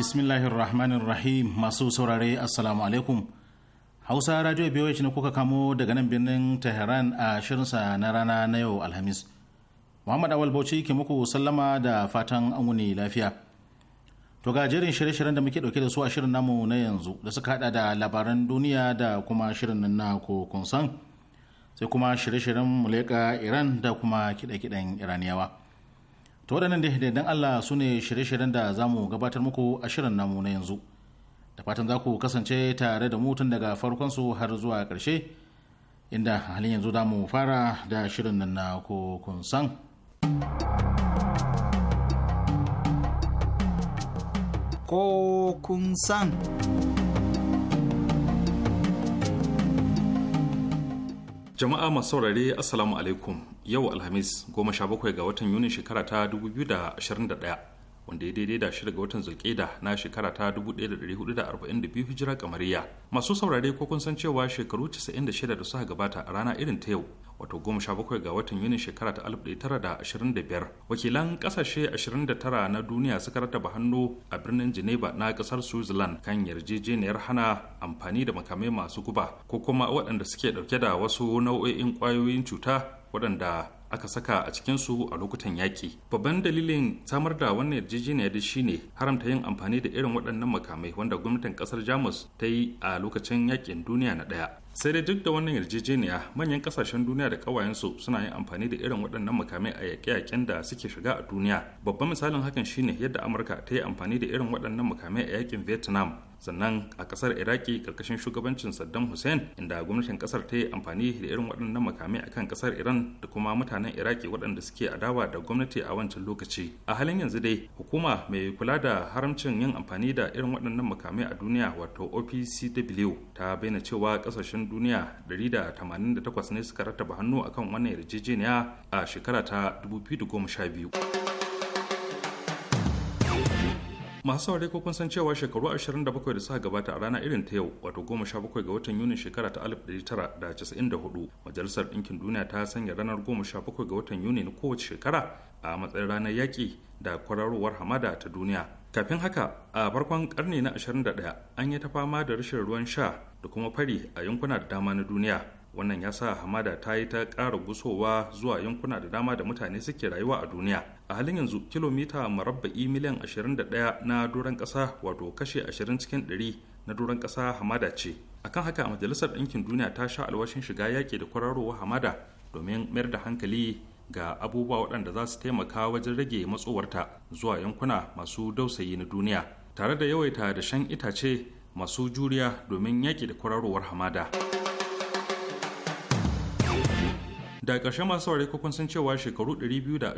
bismillahir rahmanir rahim masu saurare assalamu alaikum hausa radio biyu ne kuka kamo daga nan birnin tehran a shirinsa na rana na yau alhamis muhammad awal bauchi ke muku sallama da fatan wuni lafiya to ga jerin shirye-shiryen da muke dauke da su a shirin namu na yanzu da suka hada da labaran duniya da kuma shirin nan na ko kunsan sai kuma shirye-shiryen muleka iran da kuma kiɗe-kiɗen iraniyawa to waɗannan da dan allah su ne shirye-shiryen da za mu gabatar muku a shirin namu na yanzu da fatan za ku kasance tare da mu daga farkon su har zuwa ƙarshe inda halin yanzu za mu fara da shirin nan na kun san ko kun san jama'a masu saurare assalamu alaikum yau alhamis goma sha bakwai ga watan yunin shekara ta 2021 wanda ya daidai da shirga watan zulkeda na shekara ta 1442 hijira kamariya masu saurare ko kun san cewa shekaru 96 da suka gabata a rana irin ta yau wato 17 ga watan yunin shekara ta 1925 wakilan kasashe 29 na duniya suka rataba hannu a birnin geneva na kasar switzerland kan yarjejeniyar hana amfani da makamai masu guba ko kuma waɗanda suke ɗauke da wasu nau'o'in ƙwayoyin cuta waɗanda aka saka a cikinsu a lokutan yaƙi. Babban dalilin samar da wannan yarjejeniya da shine haramta yin amfani da irin waɗannan makamai wanda gwamnatin ƙasar Jamus ta yi a lokacin yaƙin duniya na ɗaya. Sai dai duk da wannan yarjejeniya manyan ƙasashen duniya da ƙawayensu suna yin amfani da irin waɗannan makamai a yaƙe-yaƙen da suke shiga a duniya. Babban misalin hakan shine yadda Amurka ta yi amfani da irin waɗannan makamai a yaƙin Vietnam sannan a kasar iraki karkashin shugabancin saddam hussein inda gwamnatin kasar ta yi amfani da irin waɗannan makamai akan kasar iran da kuma mutanen iraki waɗanda suke adawa da gwamnati a wancan lokaci a halin yanzu dai hukuma mai kula da haramcin yin amfani da irin waɗannan makamai a duniya wato opcw ta bayyana cewa kasashen duniya 188 ne suka rattaba hannu akan wannan yarjejeniya a shekara ta 2012 masu saurare ko kun san cewa shekaru 27 da suka gabata a rana irin ta yau wato 17 ga watan yuni shekara ta 1994 majalisar ɗinkin duniya ta sanya ranar 17 ga watan yuni na kowace shekara a matsayin ranar yaƙi da kwararowar hamada ta duniya kafin haka a farkon karni na 21 an yi ta fama da rashin ruwan sha da kuma fari a yankuna da dama na duniya wannan ya sa hamada ta yi ta ƙara gusowa zuwa yankuna da dama da mutane suke rayuwa a duniya a halin yanzu kilomita marabba'i miliyan 21 na doron ƙasa wato kashe 20 cikin 100 na doron ƙasa hamada ce akan haka a majalisar ɗinkin duniya ta sha alwashin shiga yaƙi da kwararowa hamada domin mayar da hankali ga abubuwa waɗanda za su taimaka wajen rage matsowarta zuwa yankuna masu dausayi na duniya tare da yawaita da shan itace masu juriya domin yaƙi da kwararowar hamada. da ƙarshe masu ware kun san cewa shekaru 224 da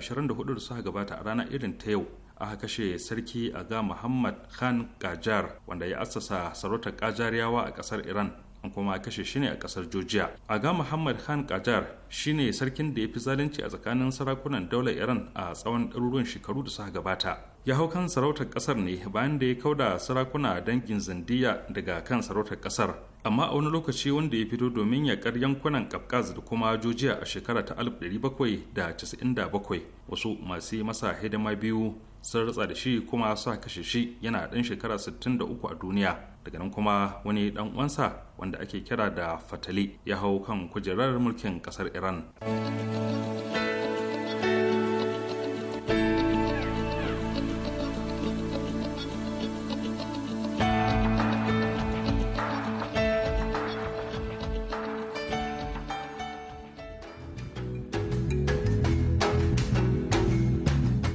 suka gabata a rana irin ta yau aka kashe sarki aga muhammad khan kajar wanda ya assasa sarautar kajariyawa a ƙasar iran an kuma kashe shi ne a ƙasar georgia aga muhammad khan kajar shine sarkin da ya fi zalunci a tsakanin sarakunan daular iran a tsawon ɗaruruwan shekaru da suka gabata ya hau kan sarautar ƙasar ne bayan da ya kauda sarakuna dangin zandiya daga kan sarautar ƙasar amma a wani lokaci wanda ya fito domin yakar yankunan kafkaz da kuma jojiya a shekara ta 1797 wasu masu masa hidima biyu sun ratsa da shi kuma sa kashe shi yana ɗan shekara 63 a duniya daga nan kuma wani ɗan uwansa wanda ake kira da fatali ya hau kan kujerar mulkin ƙasar iran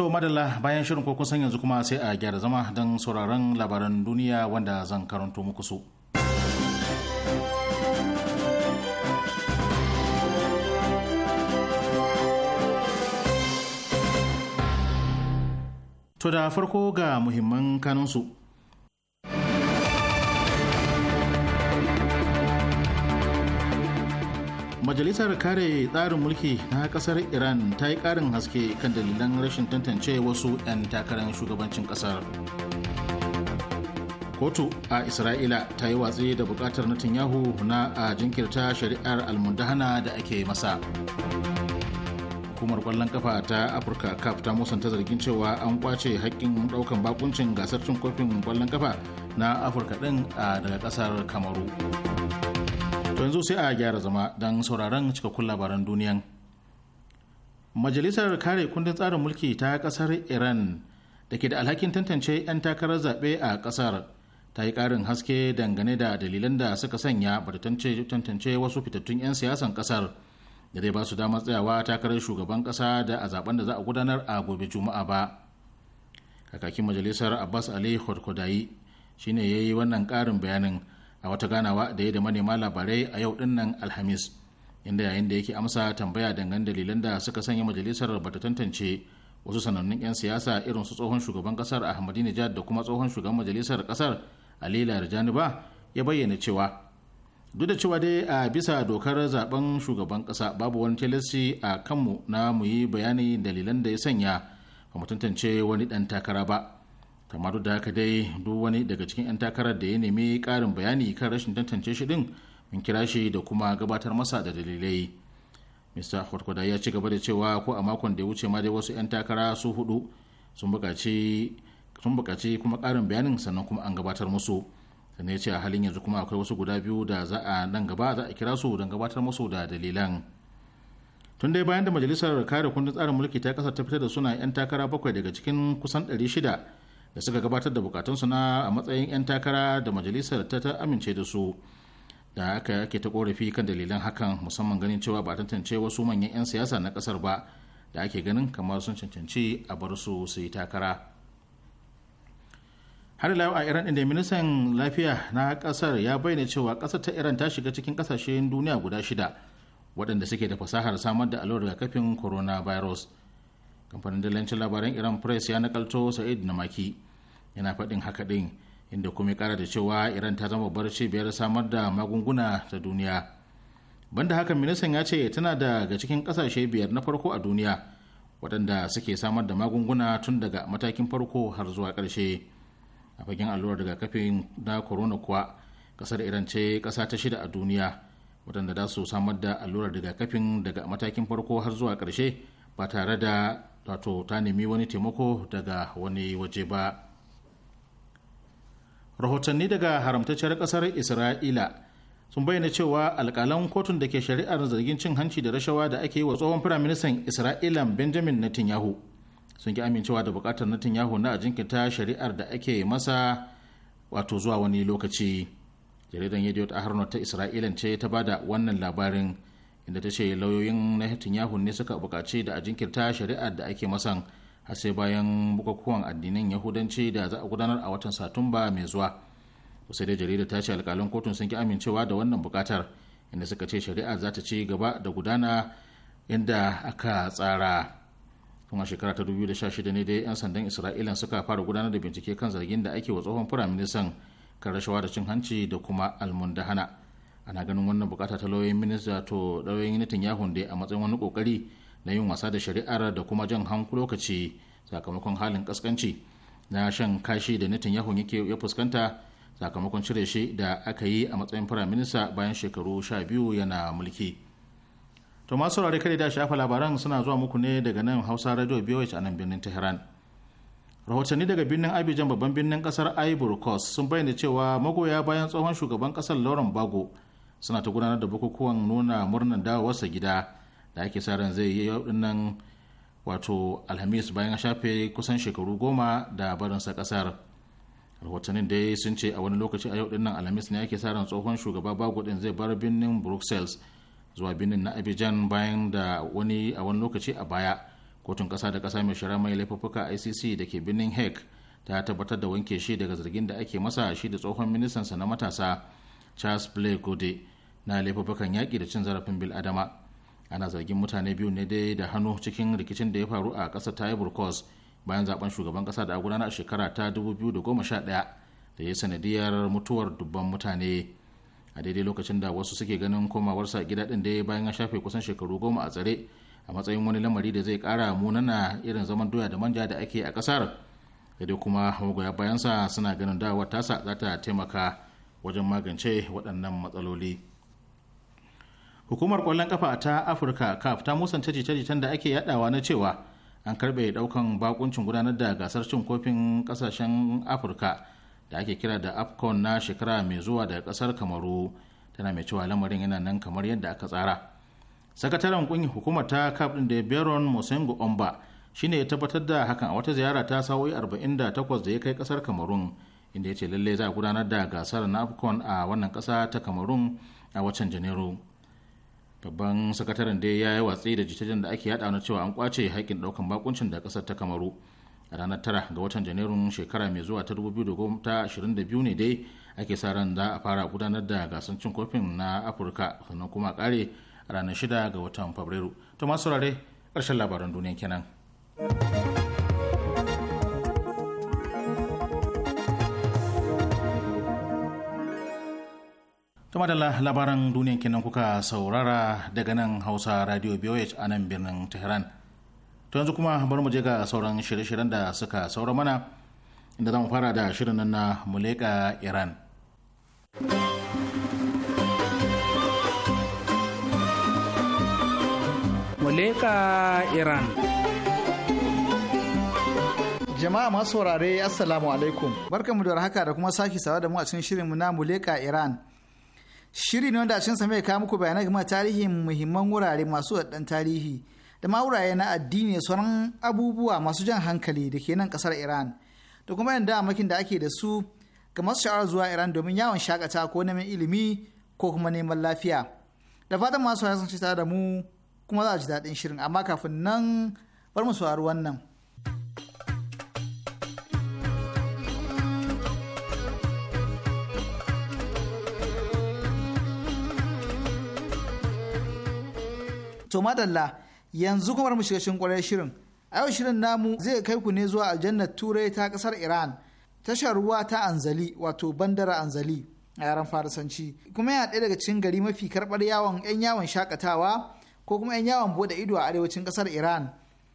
To madalla bayan shirin ko kusan yanzu kuma sai a gyara zama don sauraron labaran duniya wanda zan karanto muku su. To da farko ga muhimman kanunsu. majalisar kare tsarin mulki na kasar iran ta yi karin haske kan dalilan rashin tantance wasu 'yan takarar shugabancin kasar kotu a isra'ila ta yi watsi da bukatar yahu na a jinkirta shari'ar almundahana da ake masa hukumar kwallon kafa ta afirka cup ta musanta zargin cewa an kwace haƙƙin ɗaukan bakuncin gasar cin kofin kwallon kafa na afirka ɗin daga ƙasar kamaru To yanzu sai a gyara zama don sauraron cikakkun labaran duniyan. Majalisar kare kundin tsarin mulki ta kasar Iran da ke da alhakin tantance 'yan takarar zaɓe a kasar ta yi ƙarin haske dangane da dalilan da suka sanya ba tantance wasu fitattun 'yan siyasan kasar da zai ba su damar tsayawa takarar shugaban ƙasa da a zaben da za a gudanar a gobe juma'a ba. Kakakin majalisar Abbas Ali hodkodayi shine ya yi wannan ƙarin bayanin a wata ganawa da ya da manema labarai a yau dinnan alhamis inda yayin da yake amsa tambaya dangane dalilan da suka sanya majalisar bata tantance wasu sanannun 'yan siyasa irin su tsohon shugaban kasar ahmadinejad da kuma tsohon shugaban majalisar kasar alila larijani ba ya bayyana cewa duk da cewa dai a bisa dokar zaben shugaban kasa babu wani tilasti a kanmu na muyi yi bayani dalilan da ya sanya ba mu tantance wani dan takara ba kamar da haka dai duk wani daga cikin 'yan takarar da ya nemi karin bayani kan rashin tantance shi din mun kira shi da kuma gabatar masa da dalilai mr kwarkwada ya ci gaba da cewa ko a makon da ya wuce ma dai wasu 'yan takara su hudu sun bukaci kuma karin bayanin sannan kuma an gabatar musu sannan ya ce a halin yanzu kuma akwai wasu guda biyu da za a nan gaba za a kira su don gabatar musu da dalilan tun dai bayan da majalisar kare kundin tsarin mulki ta kasa ta fitar da suna 'yan takara bakwai daga cikin kusan 600 da suka gabatar da bukatunsu na a matsayin 'yan takara da majalisar ta ta amince da su da aka ake ta korafi kan dalilan hakan musamman ganin cewa ba tantance wasu manyan 'yan siyasa na kasar ba da ake ganin kamar sun cancanci a bar su su yi takara har ila a iran inda ministan lafiya na kasar ya bayyana cewa kasar ta iran ta shiga cikin kasashen duniya guda shida waɗanda suke da fasahar samar da allurar rigakafin coronavirus kamfanin dalancin labaran iran press ya nakalto sa'id na maki yana faɗin haka ɗin inda kuma kara da cewa iran ta zama babbar cibiyar samar da magunguna ta duniya banda haka ministan ya ce tana daga cikin kasashe biyar na farko a duniya waɗanda suke samar da magunguna tun daga matakin farko har zuwa ƙarshe a fagen allurar daga kafin na corona kuwa ƙasar iran ce ƙasa ta shida a duniya waɗanda za su samar da allurar daga kafin daga matakin farko har zuwa ƙarshe ba tare da wato ta nemi wani taimako daga wani waje ba rahotanni daga haramtacciyar kasar isra'ila sun bayyana cewa alkalan kotun da ke shari'ar zargin cin hanci da rashawa da ake yi wa tsohon firaministan isra'ila benjamin netanyahu sun ki amincewa da bukatar netanyahu na a jinkirta shari'ar da ake masa wato zuwa wani lokaci jaridan yadda ta harno ta isra'ila ce ta bada wannan labarin inda ta ce lauyoyin na Netanyahu ne suka bukaci da a jinkirta shari'ar da ake masan har sai bayan bukukuwan addinin Yahudanci da za a gudanar a watan Satumba mai zuwa. wasu dai jarida ta ce alkalin kotun sun ki amincewa da wannan bukatar inda suka ce shari'ar za ta ci gaba da gudana inda aka tsara. tun a shekara ta 2016 ne dai 'yan sandan isra'ila suka fara gudanar da bincike kan zargin da ake wa tsohon firaministan kan rashawa da cin hanci da kuma almundahana ana ganin wannan bukata ta lauyoyin minista to lauyoyin netanyahu dai a matsayin wani kokari na yin wasa da shari'ar da kuma jan hanku lokaci sakamakon halin kaskanci na shan kashi da netanyahu yake ya fuskanta sakamakon cire shi da aka yi a matsayin firaminista bayan shekaru sha biyu yana mulki to masu saurare kare da shafa labaran suna zuwa muku ne daga nan hausa radio biyu a nan birnin tehran rahotanni daga birnin abijan babban birnin kasar ivory coast sun bayyana cewa magoya bayan tsohon shugaban kasar lauren bago suna ta gudanar da bukukuwan nuna murnar dawowarsa gida da ake sa ran zai yi nan wato alhamis bayan shafe kusan shekaru goma da barinsa kasar rahotannin dai sun ce a wani lokaci a yau nan alhamis ne ake sa ran tsohon shugaba bago din zai bar birnin brussels zuwa birnin na abidjan bayan da wani a wani lokaci a baya kotun kasa da kasa mai shara mai laifuffuka icc da ke birnin hague ta tabbatar da wanke shi daga zargin da ake masa shi da tsohon ministansa na matasa charles blake gode na laifukan yaƙi da cin zarafin bil'adama ana zargin mutane biyu ne dai da hannu cikin rikicin da ya faru a ƙasar ta ivory bayan zaben shugaban ƙasa da agudana a shekara ta 2011 da ya sanadiyar mutuwar dubban mutane a daidai lokacin da wasu suke ganin komawarsa gida ɗin dai bayan ya shafe kusan shekaru goma a tsare a matsayin wani lamari da zai ƙara munana irin zaman doya da manja da ake a ƙasar da dai kuma magoya bayansa suna ganin dawowar tasa za ta taimaka wajen magance waɗannan matsaloli. hukumar kwallon kafa ta afirka caf ta musanta jita-jitan da ake yadawa na cewa an karbe daukan bakuncin gudanar da gasar cin kofin kasashen afirka da ake kira da afcon na shekara mai zuwa da kasar kamaru tana mai cewa lamarin yana nan kamar yadda aka tsara sakataren kungiyar hukumar ta caf din da beron musengu omba shine ya tabbatar da hakan a wata ziyara ta sa'o'i 48 da ya kai kasar kamarun inda ya ce lallai za a gudanar da gasar na afcon a wannan kasa ta kamarun a watan janairu babban sakataren dai ya yi watsi da jitajen da ake yada na cewa an kwace haƙƙin ɗaukan bakuncin da ƙasar ta kamaru a ranar tara ga watan janairun shekara mai zuwa ta 2022 ne dai ake sa ran za a fara gudanar da gasar cin kofin na afirka sannan kuma a kare ranar shida ga watan fabrairu to masu rare ƙarshen labaran duniya kenan. Tuma da labaran duniyan kenan kuka saurara daga nan Hausa Radio BOH a nan birnin Tehran. To yanzu kuma bari mu je ga sauran shirye-shiryen da suka saura mana inda zamu fara da shirin nan na Muleka Iran. Muleka Iran. Jama'a masu saurare Assalamu alaikum. Barkanmu da haka da kuma sake sawa da mu a cikin shirinmu na Muleka Iran. Shiri ne wanda cin mai kawo muku bayanai game tarihin muhimman wurare masu ɗan tarihi da ma wurare na addini sauran abubuwa masu jan hankali da ke nan kasar Iran da kuma yan damakin da ake da su ga masu sha'awar zuwa Iran domin yawon shakata ko neman ilimi ko kuma neman lafiya. Da fatan masu sun ci tare da mu kuma za a ji daɗin shirin amma kafin nan bar mu saurari wannan. To madalla yanzu kuma mu shiga kwarar shirin. A yau shirin namu zai kai ku ne zuwa aljannar Turai ta kasar Iran. Tashar ruwa ta Anzali wato bandara Anzali a yaren Farisanci. Kuma yana ɗaya daga cikin gari mafi karɓar yawon 'yan yawon shakatawa ko kuma 'yan yawon buɗe ido a arewacin kasar Iran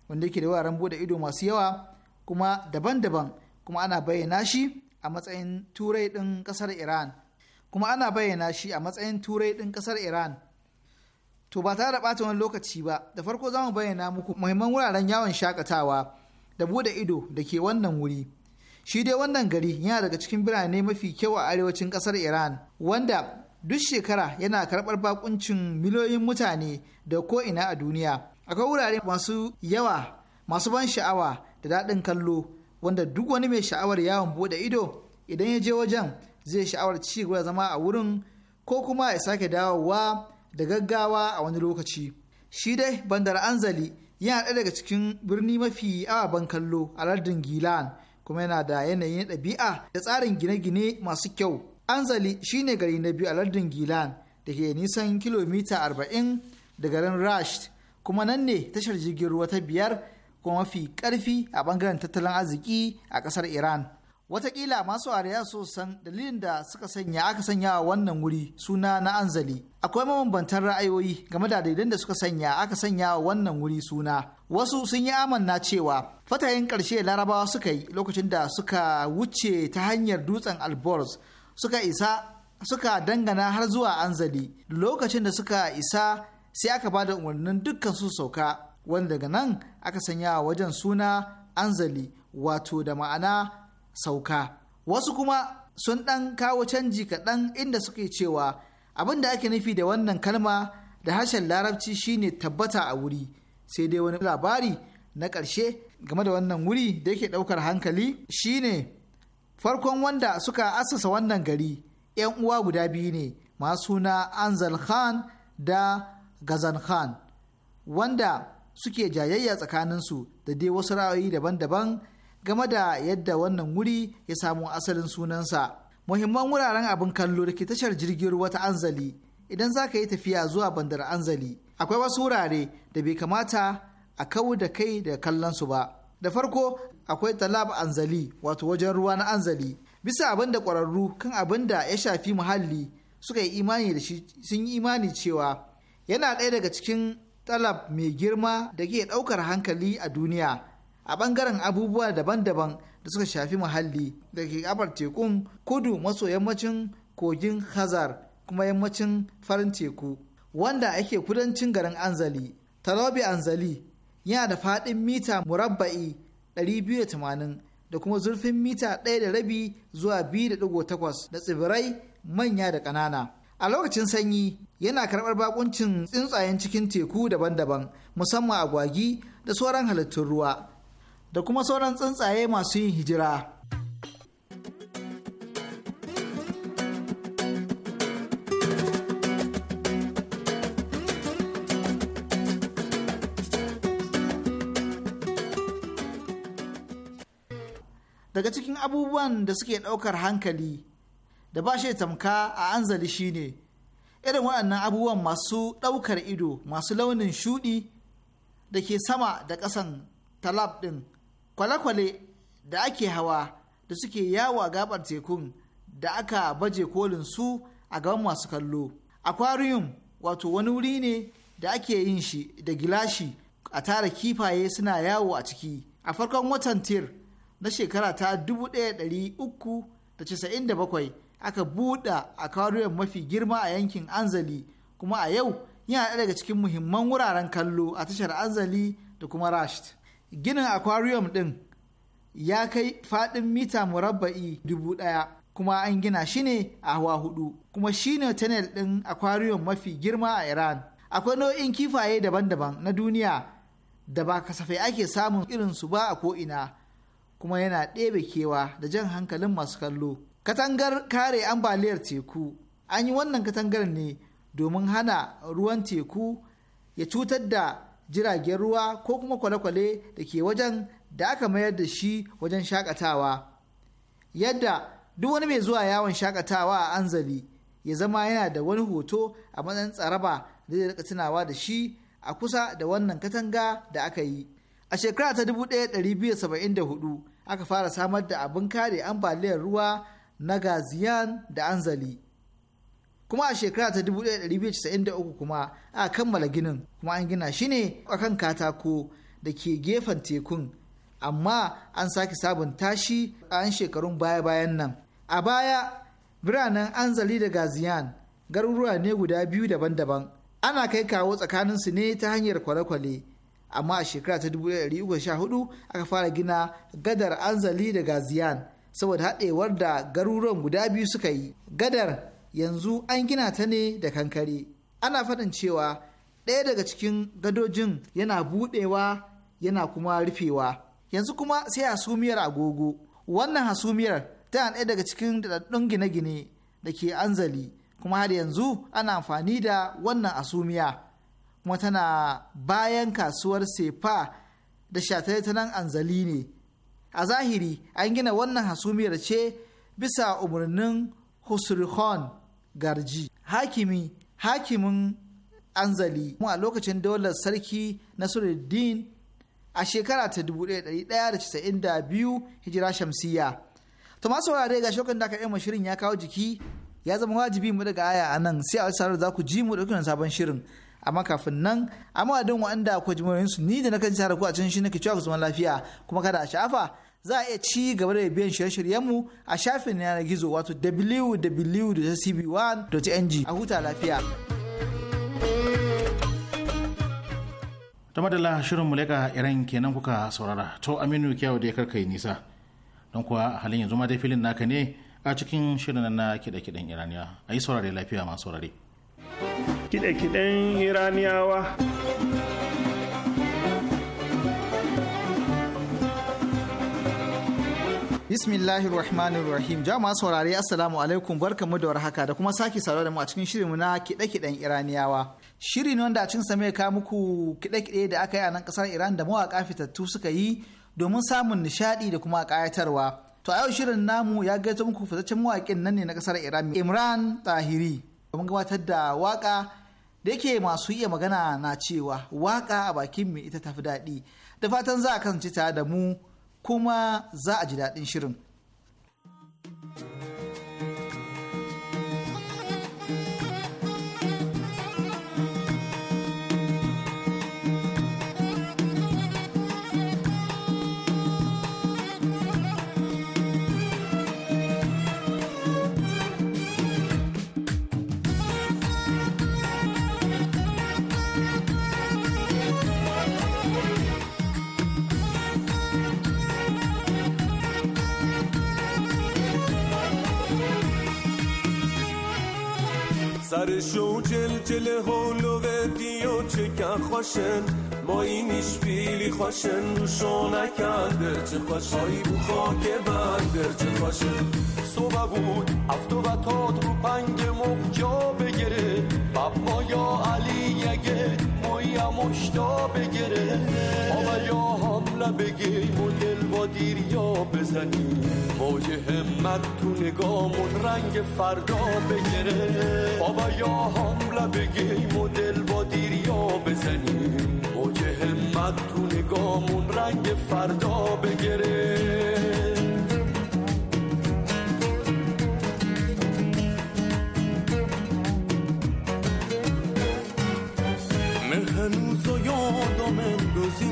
wanda yake da wuraren buɗe ido masu yawa kuma daban-daban kuma ana bayyana shi a matsayin Turai ɗin kasar Iran. Kuma ana bayyana shi a matsayin Turai ɗin kasar Iran. To ba tare da ɓata wani lokaci ba, da farko za mu bayyana muku muhimman wuraren yawon shakatawa da bude ido da ke wannan wuri. Shi dai wannan gari yana daga cikin birane mafi kyau a arewacin ƙasar Iran, wanda duk shekara yana karɓar bakuncin miliyoyin mutane da ko'ina a duniya. Akwai wurare masu yawa, masu ban sha'awa da daɗin kallo, wanda duk wani mai sha'awar yawon bude ido idan ya je wajen zai sha'awar ci gaba zama a wurin ko kuma ya sake dawowa da gaggawa a wani lokaci shi dai bandar anzali yana ɗaya daga cikin birni mafi ababen kallo a lardin gilan kuma yana da yanayin ɗabi'a da tsarin gine-gine masu kyau anzali shi ne gari na biyu a lardin gilan da ke nisan kilomita 40 da garin rasht kuma nan ne tashar jirgin ruwa ta biyar kuma mafi ƙarfi a bangaren tattalin arziki a ƙasar iran Wataƙila masu ariya so san dalilin da suka sanya aka sanya wa wannan wuri suna na anzali. Akwai mabambantan ra'ayoyi game da dalilan da suka sanya aka sanya wa wannan wuri suna. Wasu sun yi amanna cewa fatayin ƙarshe larabawa suka yi lokacin da suka wuce ta hanyar dutsen alborz suka isa suka dangana har zuwa anzali lokacin da suka isa sai aka ba da umarnin dukkan su sauka wanda daga nan aka sanya wajen suna anzali wato da ma'ana sauka wasu kuma sun ɗan kawo canji kaɗan inda suke cewa abin da ake nufi da wannan kalma da harshen larabci shine tabbata a wuri sai dai wani labari na ƙarshe game da wannan wuri da yake ɗaukar hankali shine farkon wanda suka asasa wannan gari 'yan uwa guda biyu ne masu na anzal khan da gazan khan wanda suke jayayya tsakaninsu da dai wasu ra'ayi daban-daban game da yadda wannan wuri ya samu asalin sunansa. Muhimman wuraren abin kallo da ke tashar jirgin ruwa ta Anzali idan za ka yi tafiya zuwa bandar Anzali akwai wasu wurare da bai kamata a kawo da kai da kallon su ba. Da farko akwai talab Anzali wato wajen ruwa na Anzali bisa abin da ƙwararru kan abin da ya shafi muhalli suka yi imani da shi sun yi imani cewa yana ɗaya daga cikin talab mai girma da ke ɗaukar hankali a duniya a bangaren abubuwa daban-daban da suka shafi muhalli da ke gabar tekun kudu maso yammacin kogin hazar kuma yammacin farin teku wanda ake kudancin garin anzali talobi anzali yana da faɗin mita murabba'i 280 da kuma zurfin mita 1.5 zuwa 2.8 da tsibirai manya da ƙanana a lokacin sanyi yana karɓar bakuncin tsuntsayen cikin teku daban-daban musamman agwagi da sauran halittun ruwa da kuma sauran tsuntsaye masu yin hijira. Daga cikin abubuwan da suke ɗaukar hankali da ba shi tamka a anzali shine irin waɗannan abubuwan masu ɗaukar ido masu launin shuɗi da ke sama da ƙasan talab ɗin kwale-kwale da ake hawa da suke yawo a gabar tekun da aka baje kolin su a gaban masu kallo aquarium wato wani wuri ne da ake yin shi da gilashi a tara kifaye suna yawo a ciki a farkon watan tir na shekara ta 1397 aka buɗe aquarium mafi girma a yankin anzali kuma a yau yana ɗaya daga cikin muhimman wuraren kallo a tashar anzali da kuma rasht ginin aquarium ɗin ya kai faɗin mita murabba'i dubu ɗaya kuma an gina shi ne a hawa hudu kuma shi ne tunnel ɗin aquarium mafi girma a iran akwai nau'in kifaye daban-daban na duniya da ba kasafai ake samun irinsu ba a ko'ina kuma yana ɗebe kewa da jan hankalin masu kallo katangar kare ambaliyar teku an yi wannan katangar ne domin hana ruwan teku ya cutar da jiragen ruwa ko kuma kwale-kwale da ke wajen da aka mayar da shi wajen shakatawa yadda duk wani mai zuwa yawon shakatawa a anzali ya zama yana da wani hoto a matsayin tsaraba da zai tunawa da shi a kusa da wannan katanga da aka yi a shekara ta 1274 aka fara samar da abin kare ambaliyar ruwa na gaziyan da anzali kuma a shekara ta 1993 kuma a kammala ginin kuma an gina shi ne akan katako da ke gefen tekun amma an sake sabunta shi a 'yan shekarun baya-bayan nan a baya biranen anzali da gaziyan garuruwa ne guda biyu daban-daban ana kai kawo su ne ta hanyar kwale-kwale amma a shekara ta 1314 aka fara gina gadar anzali da gaziyan saboda haɗewar da garuruwan guda biyu suka yi gadar yanzu an gina ta ne da kankare ana faɗin cewa ɗaya daga cikin gadojin yana buɗewa yana kuma rufewa yanzu kuma sai hasumiyar agogo wannan hasumiyar ta ɗaya daga cikin daɗaɗɗun gine-gine da ke anzali kuma har yanzu ana amfani da wannan hasumiya kuma tana bayan kasuwar sefa da shatare ta nan anzali ne a zahiri an gina wannan hasumiyar ce bisa umarnin husrihon garji hakimi hakimin anzali a lokacin daular sarki nasiruddin a shekara ta 1192 hijira shamsiyya. to masu wurare ga shokan da aka yi shirin ya kawo jiki ya zama wajibi mu daga aya a nan sai a wasu da za ku ji mu ɗauki sabon shirin amma kafin nan amma wadin wa'anda ku ji su ni da na kan ku a cikin shi ke cewa ku zama lafiya kuma kada a sha'afa za a iya ci gaba da biyan shirye-shiryenmu a shafin yanar gizo wato www.cb1.ng a huta lafiya. Tama da shirin muleka Iran kenan kuka saurara to Aminu kyau da ya karkai nisa don kuwa halin yanzu ma dai filin naka ne a cikin shirin na kiɗe-kiɗen Iraniya a yi saurare lafiya masu saurare. Kiɗe-kiɗen Iraniyawa. Bismillahir Rahmanir Rahim. Jama'a saurari Assalamu alaikum barkamu da warhaka da kuma sake saurare da mu a cikin shirinmu na kiɗe-kiɗen Iraniyawa. Shiri ne wanda a cikin sa ka muku kiɗe-kiɗe da aka yi a nan ƙasar Iran da mawaƙa fitattu suka yi domin samun nishaɗi da kuma ƙayatarwa. To a yau shirin namu ya gaito muku fitaccen mawaƙin nan ne na ƙasar Iran Imran Tahiri. Domin gabatar da waƙa da yake masu iya magana na cewa waƙa a bakin mu ita tafi daɗi. Da fatan za a kasance tare da mu kuma za a ji daɗin shirin. جل جل هولو دیو چکن خوشن ما اینیش بیلی خوشن شو نکندر چه خوشایی بو خاک بندر چه خوشن صبح بود افتو و تاد رو پنگ مفجا بگیره بابا یا علی یگه مایی اشتا بگیره آبا یا بگی و دل با یا بزنی موج همت تو نگامون رنگ فردا بگیره بابا یا هم بگی و دل با یا بزنی موج همت تو نگامون رنگ فردا بگیره هنوز و یادم امروزی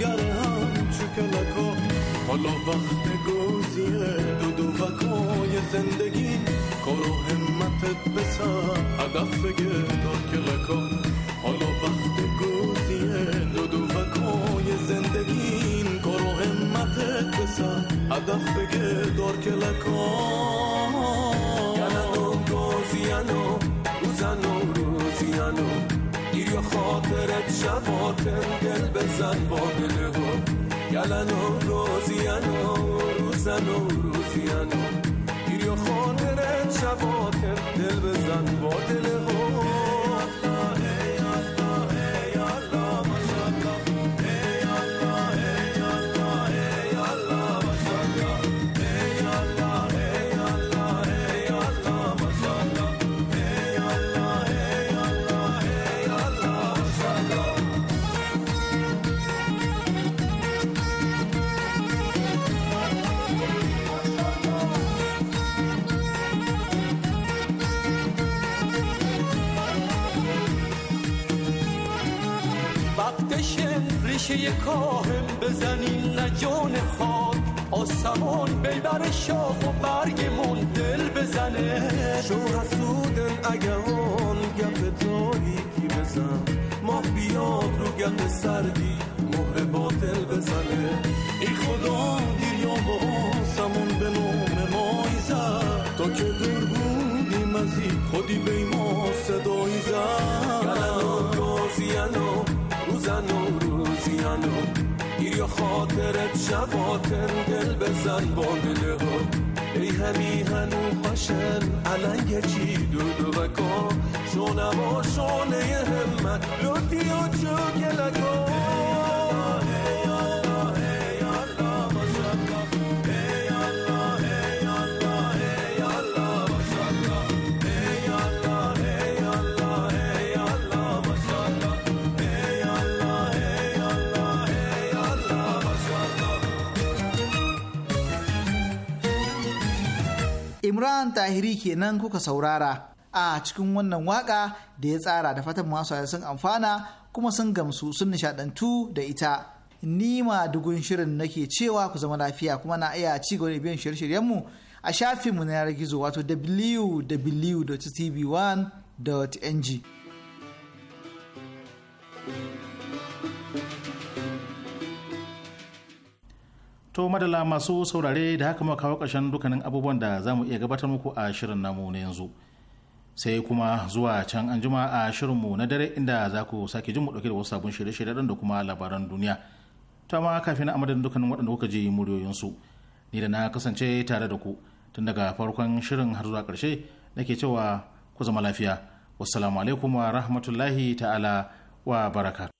چه چکلکا حالا وقت گوزیه دو دو وکای زندگی کار و همتت بسر هدف دار کلکا حالا وقت گوزیه دو دو وکای زندگی کار و همتت بسر هدف بگه دار کلکا یلنو گوزیانو روزانو روزیانو خاطرت شفاتر دل بزن با دل ها گلن و روزین و روزن و روزین و خاطرت شفاتر دل بزن با دل ها که یه کاهم بزنین نه جان خاک آسمان بیبر شاخ و برگ من دل بزنه شو سودن اگه آن گپ کی بزن ماه بیاد رو گپ سردی مهر باطل بزنه ای خدا دیریا با آسمون به نام زد تا که دور بودیم خودی بی ما صدایی منو خاطرت شواطر دل بزن با ها ای همی هنو خشن علنگ چی دو دو بکا شونه با شونه همت لطی و چو گلکا imran tahiri kenan kuka saurara a cikin wannan waka da ya tsara da fatan masu sun amfana kuma sun gamsu sun nishadantu da ita ni ma dugun shirin nake cewa ku zama lafiya kuma na iya ci gaba da biyan shirye-shiryenmu a shafinmu na yanar gizo wato www.tv1.ng To madala masu saurare da haka muka kawo ƙarshen dukkanin abubuwan da za mu iya gabatar muku a shirin namu na yanzu. Sai kuma zuwa can an jima a shirinmu na dare inda za ku sake jin mu ɗauke da wasu sabon shirye-shirye da kuma labaran duniya. To amma kafin na amadadin dukkanin waɗanda kuka ji muryoyinsu. Ni da na kasance tare da ku tun daga farkon shirin har zuwa ƙarshe nake cewa ku zama lafiya. Wassalamu alaikum wa rahmatullahi ta'ala wa barakatuh.